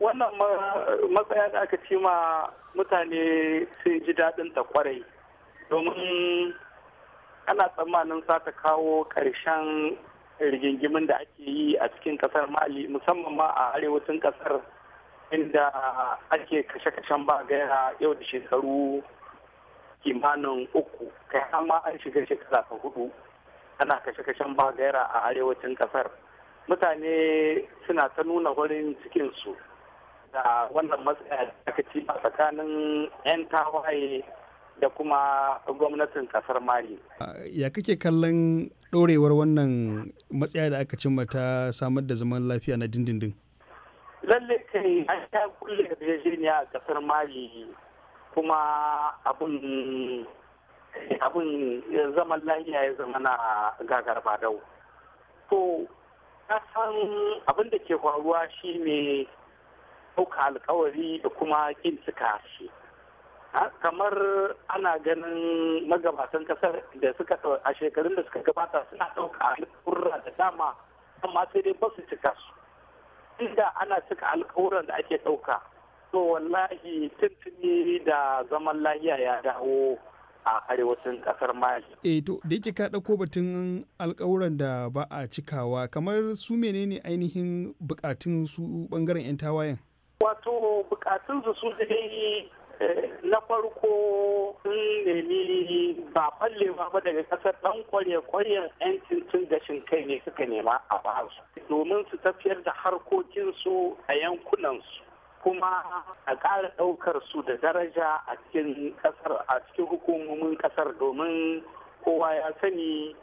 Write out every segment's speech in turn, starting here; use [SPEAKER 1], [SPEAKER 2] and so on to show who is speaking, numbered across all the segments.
[SPEAKER 1] wannan matsaya da aka ci ma mutane sun ji daɗin ta kwarai domin ana tsammanin za ta kawo ƙarshen rigingimin da ake yi a cikin ƙasar mali musamman ma a arewacin ƙasar inda ake kashe-kashen ba gaya yau da shekaru kimanin uku kai an ma an shiga shekara ta hudu ana kashe-kashen ba gaira a arewacin ƙasar mutane suna ta nuna wurin cikinsu da wannan matsaya da aka ci a tsakanin 'yan tawaye da kuma gwamnatin kasar mali
[SPEAKER 2] ya kake kallon ɗorewar wannan matsaya da aka cimma ta samar da zaman lafiya na dindindin
[SPEAKER 1] lalle kai an ta kulle yarjejeniya a kasar mali kuma abun abun zaman lafiya ya zama na gagar badau to abin da ke faruwa shine ɗauka alkawari da kuma kin cika shi kamar ana ganin magabatan kasar da suka a shekarun da suka gabata suna ɗauka alkawura da dama amma sai dai ba su cika su inda ana cika alkawuran da ake ɗauka to wallahi tuntuni da zaman lahiya ya dawo a arewacin kasar mali.
[SPEAKER 2] E to da yake ka ɗauko batun alkawuran da ba a cikawa kamar su menene ainihin bukatun su bangaren 'yan tawayen?
[SPEAKER 1] wato bukatun su dai eh, na farko sun nemi ba fallewa ba daga kasar dan kwarya kwarya 'yancin cin gashin kai ne suka nema a basu domin su tafiyar da harkokin su a yankunansu kuma a ƙara ɗaukar su da daraja a cikin kasar a cikin hukumomin kasar domin kowa ya sani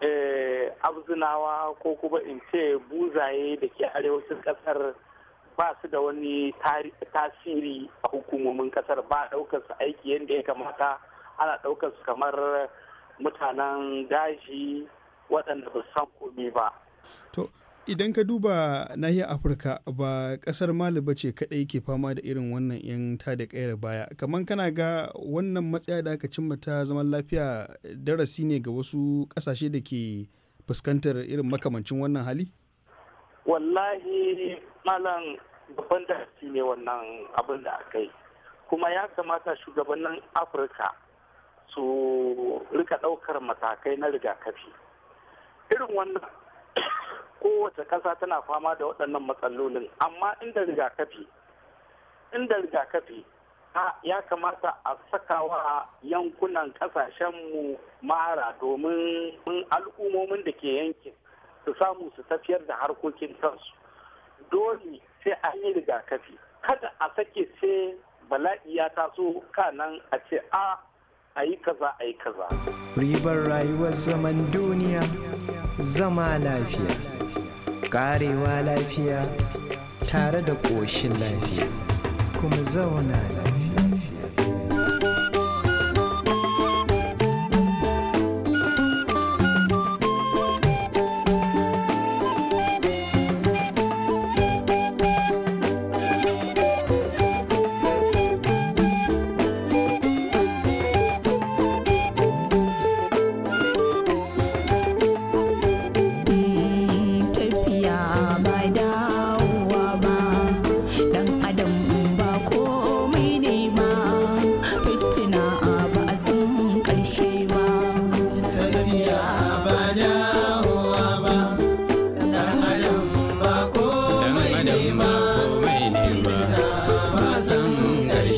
[SPEAKER 1] eh, abzinawa ko kuma in ce buzaye da ke arewacin kasar ba su da wani tasiri a hukumomin kasar ba a ɗaukar su aiki yadda ya kamata ana ɗaukar su kamar mutanen daji waɗanda ba san komai ba
[SPEAKER 2] to idan ka duba nahiyar afirka ba ƙasar mali ba ce kaɗai ke fama da irin wannan yan ta da kayar baya kamar kana ga wannan matsaya da aka cimma ta zaman lafiya darasi ne ga wasu ƙasashe da ke fuskantar irin makamancin wannan hali
[SPEAKER 1] wallahi malam babban darasi ne wannan abin da aka yi kuma ya kamata shugabannin afirka su rika daukar matakai na rigakafi irin wannan kowace ƙasa tana fama da waɗannan matsalolin amma inda rigakafi inda rigakafi ya kamata a saka wa yankunan ƙasashenmu mara domin al'ummomin da ke yankin su samu su tafiyar da harkokin kansu dole sai an yi rigakafi kada a sake sai bala'i ya taso kanan a ce a a yi kaza a yi kaza
[SPEAKER 2] ribar rayuwar zaman duniya zama lafiya karewa lafiya tare da ƙoshin lafiya kuma zauna lafiya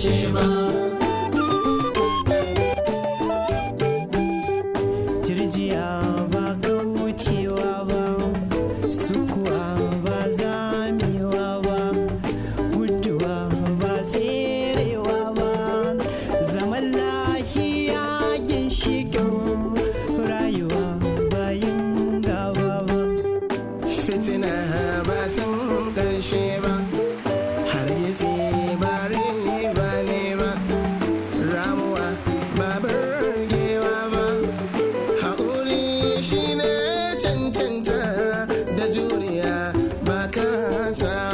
[SPEAKER 2] shi ba turjiya ba kaucewa ba sukuwa ba zamewa ba guduwa ba tserewa ba zaman lahiya ginshiƙin sound.